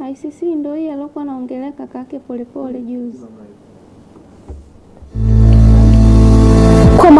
ICC ndio hii aliyokuwa anaongelea kaka yake Polepole juzi.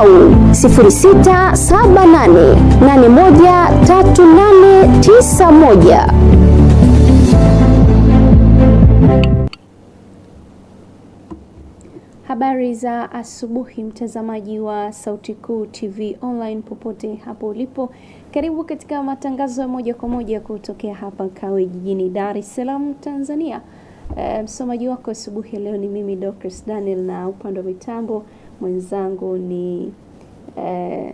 au 0678813891. Habari za asubuhi, mtazamaji wa Sauti Kuu TV online popote hapo ulipo, karibu katika matangazo ya moja kwa moja kutokea hapa Kawe jijini Dar es Salaam, Tanzania. Eh, msomaji um, wako asubuhi leo ni mimi Dorcas Daniel, na upande wa mitambo mwenzangu ni eh,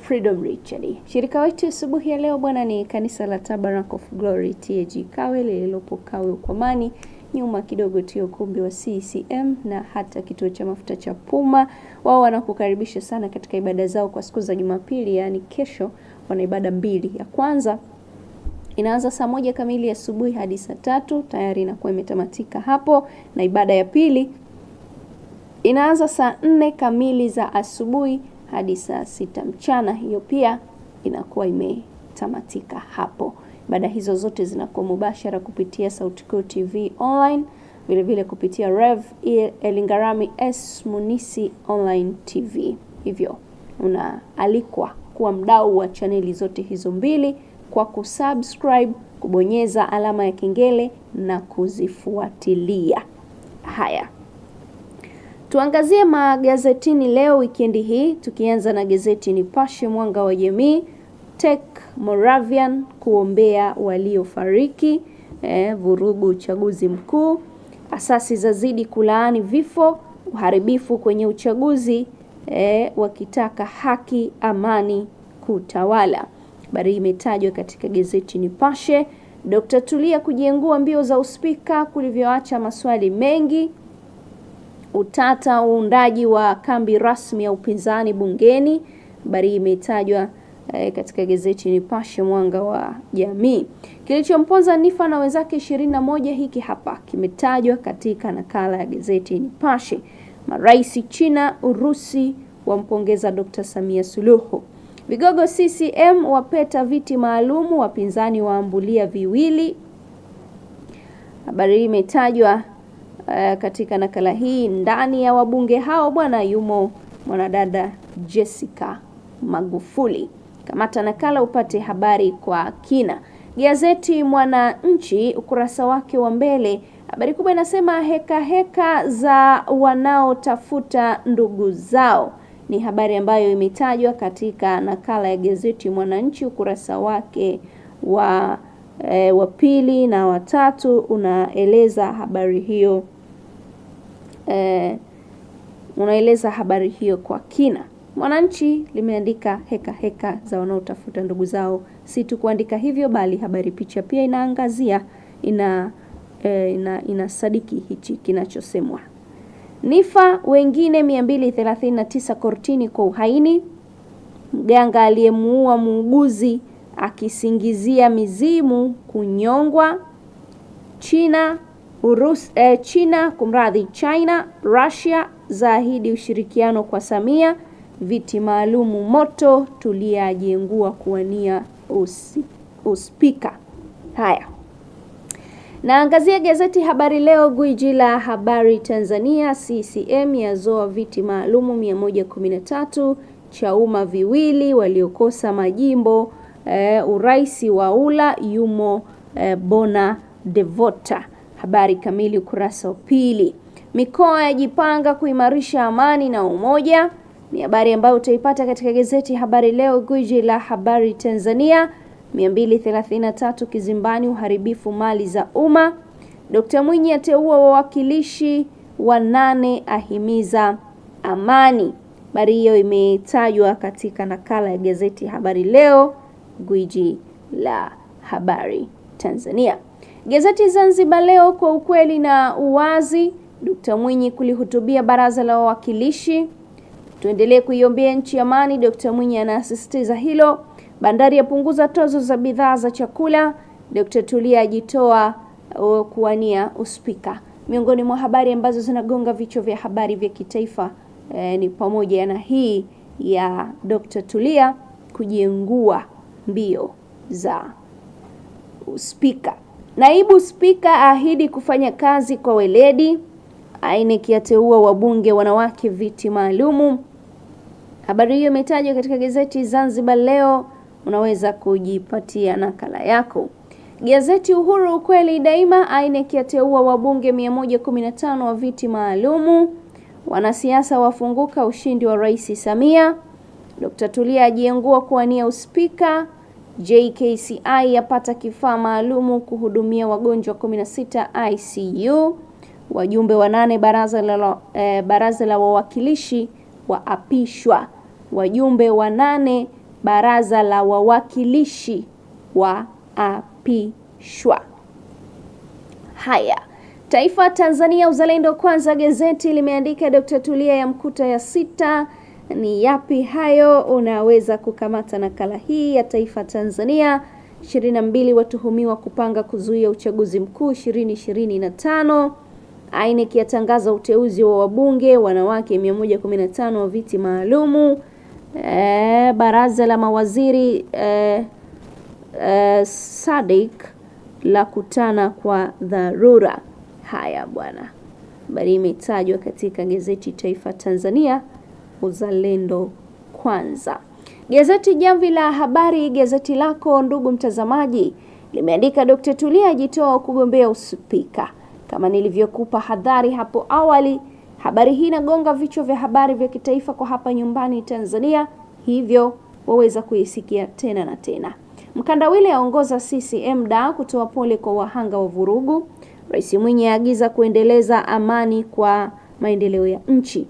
Freedom Richard. Shirika wetu asubuhi ya leo bwana ni kanisa la Tabernacle of Glory TAG Kawe lililopo Kawe Ukwamani, nyuma kidogo tu ukumbi wa CCM na hata kituo cha mafuta cha Puma. Wao wanakukaribisha sana katika ibada zao kwa siku za Jumapili, yaani kesho wana ibada mbili. Ya kwanza inaanza saa moja kamili asubuhi hadi saa tatu tayari inakuwa imetamatika hapo, na ibada ya pili Inaanza saa nne kamili za asubuhi hadi saa sita mchana, hiyo pia inakuwa imetamatika hapo. Ibada hizo zote zinakuwa mubashara kupitia Sauti Kuu TV online, vilevile kupitia Rev Elingarami S Munisi online TV. Hivyo unaalikwa kuwa mdau wa chaneli zote hizo mbili kwa kusubscribe, kubonyeza alama ya kengele na kuzifuatilia. Haya. Tuangazie magazetini leo wikendi hii, tukianza na gazeti Nipashe Mwanga wa Jamii. Tech Moravian kuombea waliofariki eh, vurugu uchaguzi mkuu. Asasi zazidi kulaani vifo, uharibifu kwenye uchaguzi eh, wakitaka haki, amani kutawala. Habari hii imetajwa katika gazeti Nipashe. Dkt. Tulia kujiengua mbio za uspika kulivyoacha maswali mengi utata uundaji wa kambi rasmi ya upinzani bungeni. Habari hii imetajwa eh, katika gazeti Nipashe mwanga wa jamii. Kilichomponza Nifa na wenzake 21 hiki hapa kimetajwa katika nakala ya gazeti Nipashe. Marais China, Urusi wampongeza Dr. Samia Suluhu. Vigogo CCM wapeta viti maalumu, wapinzani waambulia viwili. Habari hii imetajwa uh, katika nakala hii ndani ya wabunge hao bwana yumo mwanadada Jessica Magufuli. Kamata nakala upate habari kwa kina. Gazeti Mwananchi ukurasa wake wa mbele, habari kubwa inasema heka heka za wanaotafuta ndugu zao. Ni habari ambayo imetajwa katika nakala ya gazeti Mwananchi ukurasa wake wa e, wa pili na watatu unaeleza habari hiyo eh, unaeleza habari hiyo kwa kina. Mwananchi limeandika heka heka za wanaotafuta ndugu zao, si tu kuandika hivyo, bali habari picha pia inaangazia ina, eh, ina inasadiki hichi kinachosemwa. Nifa wengine 239 kortini kwa uhaini. Mganga aliyemuua muuguzi akisingizia mizimu kunyongwa. China Urus, eh, China kumradhi, China Russia zaahidi ushirikiano kwa Samia. Viti maalumu moto tuliyajengua kuwania usi, uspika. Haya, naangazia gazeti Habari Leo, gwiji la habari Tanzania. CCM yazoa viti maalumu 113 Chauma viwili waliokosa majimbo. Eh, urais wa ula yumo eh, Bona Devota Habari kamili ukurasa wa pili. Mikoa yajipanga kuimarisha amani na umoja, ni habari ambayo utaipata katika gazeti Habari Leo, gwiji la habari Tanzania. 233 kizimbani, uharibifu mali za umma. Dkt Mwinyi ateua wawakilishi wa nane ahimiza amani. Habari hiyo imetajwa katika nakala ya gazeti Habari Leo, gwiji la habari Tanzania. Gazeti Zanzibar Leo, kwa ukweli na uwazi. Dkt Mwinyi kulihutubia baraza la wawakilishi. Tuendelee kuiombea nchi amani, Dkt Mwinyi anasisitiza hilo. Bandari yapunguza tozo za bidhaa za chakula. Dkt Tulia ajitoa uh, kuwania uspika. Miongoni mwa habari ambazo zinagonga vichwa vya habari vya kitaifa eh, ni pamoja na hii ya Dkt Tulia kujengua mbio za uspika. Naibu Spika aahidi kufanya kazi kwa weledi. INEC yateua wabunge wanawake viti maalumu. Habari hiyo imetajwa katika gazeti Zanzibar Leo, unaweza kujipatia nakala yako. Gazeti Uhuru, ukweli daima. INEC yateua wabunge 115 wa viti maalumu. Wanasiasa wafunguka ushindi wa Rais Samia. Dkt. Tulia ajiengua kuwania uspika. JKCI yapata kifaa maalumu kuhudumia wagonjwa 16 ICU. Wajumbe wanane baraza la, eh, baraza la wawakilishi waapishwa. Wajumbe wanane baraza la wawakilishi waapishwa. Haya, Taifa Tanzania Uzalendo Kwanza gazeti limeandika Dr. Tulia ya mkuta ya sita ni yapi hayo? Unaweza kukamata nakala hii ya Taifa Tanzania. 22 watuhumiwa kupanga kuzuia uchaguzi mkuu 2025. INEC yatangaza uteuzi wa wabunge wanawake 115 wa viti maalumu. E, baraza la mawaziri e, e, Sadik la kutana kwa dharura. Haya bwana, habari imetajwa katika gazeti Taifa Tanzania uzalendo kwanza. Gazeti Jamvi la Habari, gazeti lako ndugu mtazamaji, limeandika Dr. Tulia ajitoa kugombea uspika Kama nilivyokupa hadhari hapo awali, habari hii inagonga vichwa vya habari vya kitaifa kwa hapa nyumbani Tanzania, hivyo waweza kuisikia tena na tena. Mkandawile aongoza CCM da kutoa pole kwa wahanga wa vurugu. Rais Mwinyi aagiza kuendeleza amani kwa maendeleo ya nchi.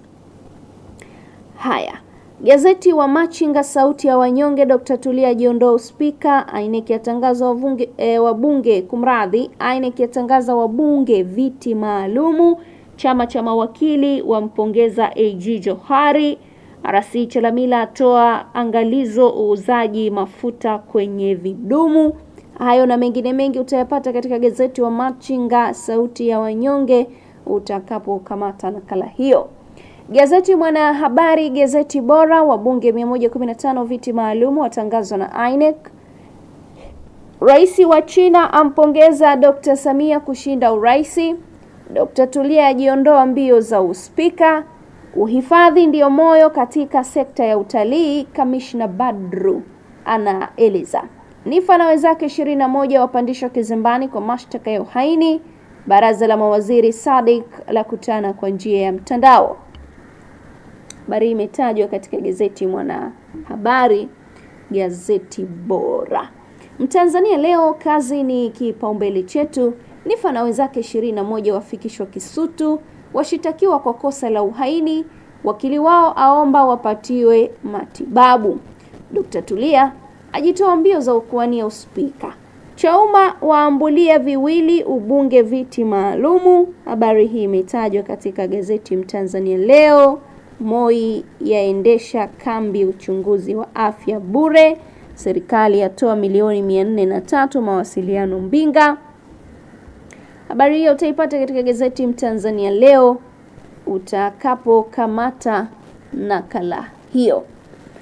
Haya, gazeti wa Machinga, sauti ya wanyonge. Dr. Tulia jiondoa uspika. INEC yatangaza wabunge, e, wabunge kumradhi. INEC yatangaza wabunge viti maalumu. Chama cha mawakili wampongeza AG Johari. RC Chalamila atoa angalizo uuzaji mafuta kwenye vidumu. Hayo na mengine mengi utayapata katika gazeti wa Machinga, sauti ya wanyonge, utakapokamata nakala hiyo. Gazeti Mwanahabari, gazeti bora. Wabunge 115 viti maalum watangazwa na INEC. Rais wa China ampongeza Dr. Samia kushinda uraisi. Dr. Tulia ajiondoa mbio za uspika. Uhifadhi ndio moyo katika sekta ya utalii, Kamishna Badru anaeleza. Nifa na wenzake 21 wapandishwa kizimbani kwa mashtaka ya uhaini. Baraza la mawaziri Sadik la kutana kwa njia ya mtandao. Habari imetajwa katika gazeti Mwanahabari, gazeti bora. Mtanzania leo, kazi ni kipaumbele chetu. Nifa na wenzake 21 wafikishwa Kisutu, washitakiwa kwa kosa la uhaini, wakili wao aomba wapatiwe matibabu. Dkt. Tulia ajitoa mbio za kuwania uspika. Chauma waambulia viwili ubunge viti maalumu. Habari hii imetajwa katika gazeti Mtanzania leo MOI yaendesha kambi uchunguzi wa afya bure. Serikali yatoa milioni mia nne na tatu mawasiliano Mbinga. Habari hiyo utaipata katika gazeti Mtanzania leo utakapokamata nakala hiyo.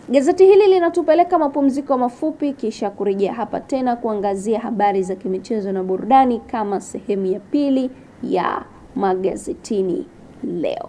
Gazeti hili linatupeleka mapumziko mafupi, kisha kurejea hapa tena kuangazia habari za kimichezo na burudani kama sehemu ya pili ya magazetini leo.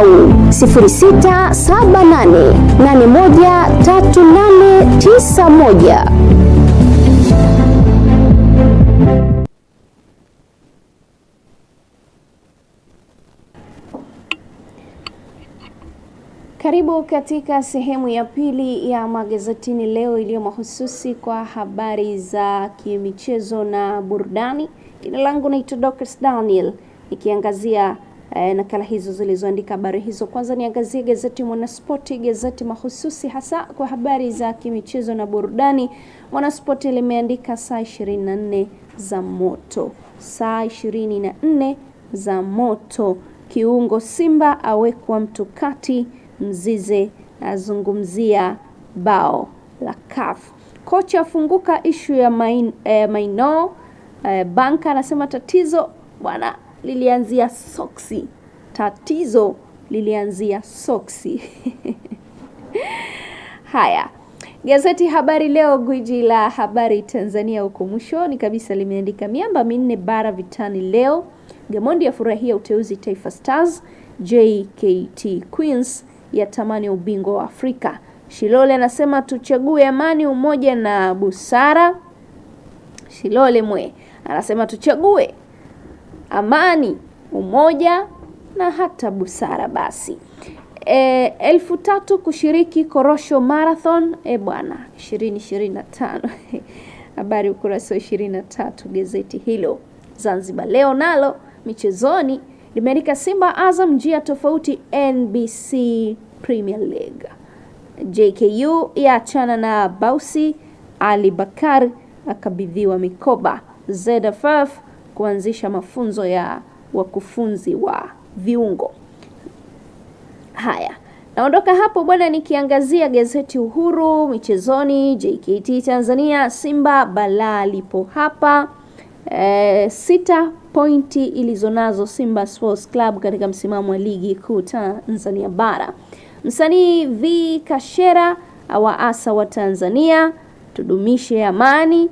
au 0678813891. Karibu katika sehemu ya pili ya magazetini leo iliyo mahususi kwa habari za kimichezo na burudani. Jina langu naitwa Dorcas Daniel nikiangazia e, nakala hizo zilizoandika habari hizo. Kwanza niangazie gazeti Mwanaspoti, gazeti mahususi hasa kwa habari za kimichezo na burudani. Mwanaspoti limeandika saa 24 za moto, saa 24 za moto. Kiungo Simba awekwa mtukati, Mzize azungumzia bao la CAF. Kocha afunguka ishu ya main, eh, maino eh, banka anasema tatizo bwana lilianzia soksi. Tatizo lilianzia soksi. Haya, gazeti Habari Leo, gwiji la habari Tanzania, huko mwishoni kabisa limeandika miamba minne bara vitani leo. Gamondi afurahia uteuzi Taifa Stars. JKT Queens yatamani ubingwa wa Afrika. Shilole anasema tuchague amani, umoja na busara. Shilole mwe anasema tuchague amani, umoja na hata busara. Basi e, elfu tatu kushiriki Korosho Marathon e bwana 2025 habari ukurasa wa 23 gazeti hilo. Zanzibar Leo nalo michezoni limeandika Simba Azam njia tofauti NBC Premier League, JKU yaachana na Bausi, Ali Bakar akabidhiwa mikoba, ZFF kuanzisha mafunzo ya wakufunzi wa viungo. Haya, naondoka hapo bwana, nikiangazia gazeti Uhuru michezoni. JKT Tanzania Simba balaa lipo hapa. E, sita pointi ilizonazo Simba Sports Club katika msimamo wa ligi kuu Tanzania bara. Msanii V Kashera awaasa wa Tanzania tudumishe amani.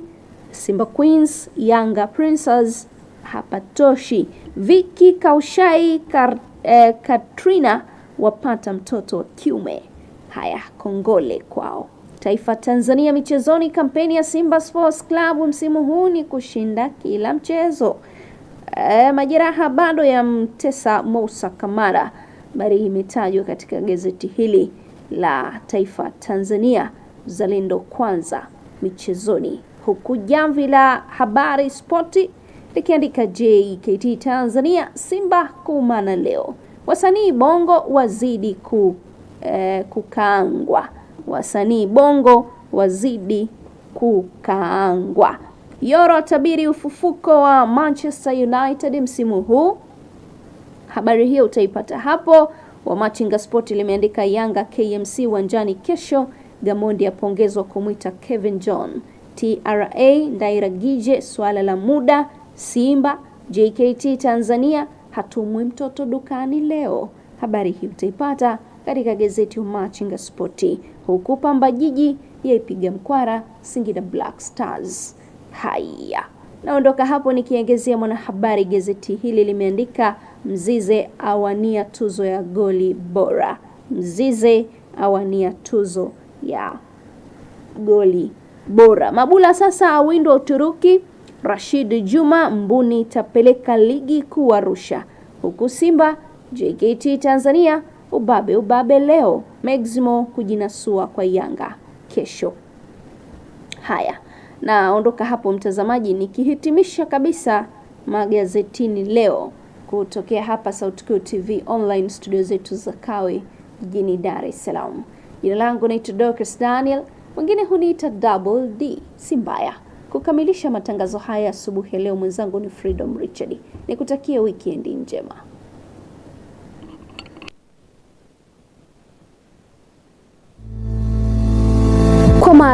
Simba Queens Yanga Princess hapatoshi. Viki Kaushai Kar, eh, Katrina wapata mtoto wa kiume. Haya, kongole kwao taifa Tanzania. Michezoni, kampeni ya Simba Sports Club msimu huu ni kushinda kila mchezo. Eh, majeraha bado ya mtesa mosa Kamara. Habari hii imetajwa katika gazeti hili la Taifa Tanzania, Zalendo Kwanza michezoni, huku jamvi la habari spoti likiandika JKT e Tanzania Simba kuumana leo, wasanii bongo wazidi ku, eh, kukaangwa, wasanii bongo wazidi kukaangwa. Yoro atabiri ufufuko wa Manchester United msimu huu. Habari hiyo utaipata hapo. Wamachinga Sport limeandika Yanga KMC uwanjani kesho. Gamondi apongezwa kumwita Kevin John. TRA gije suala la muda Simba JKT Tanzania hatumwi mtoto dukani leo. Habari hii utaipata katika gazeti Machinga Spoti, huku Pamba Jiji yaipiga mkwara Singida Black Stars. Haya, naondoka hapo nikiengezea Mwanahabari. Gazeti hili limeandika Mzize awania tuzo ya goli bora. Mzize awania tuzo ya goli bora. Mabula sasa awindwa Uturuki. Rashid Juma Mbuni tapeleka ligi kuu Arusha, huku Simba JKT Tanzania ubabe ubabe leo, Maximo kujinasua kwa Yanga kesho. Haya, naondoka hapo mtazamaji, nikihitimisha kabisa magazetini leo kutokea hapa Sautikuu TV online studio zetu za Kawe jijini Dar es Salaam. Jina langu naitwa Dorcas Daniel, mwingine huniita Double D, si mbaya. Kukamilisha matangazo haya asubuhi ya leo, mwenzangu ni Freedom Richard, nikutakie wikendi njema.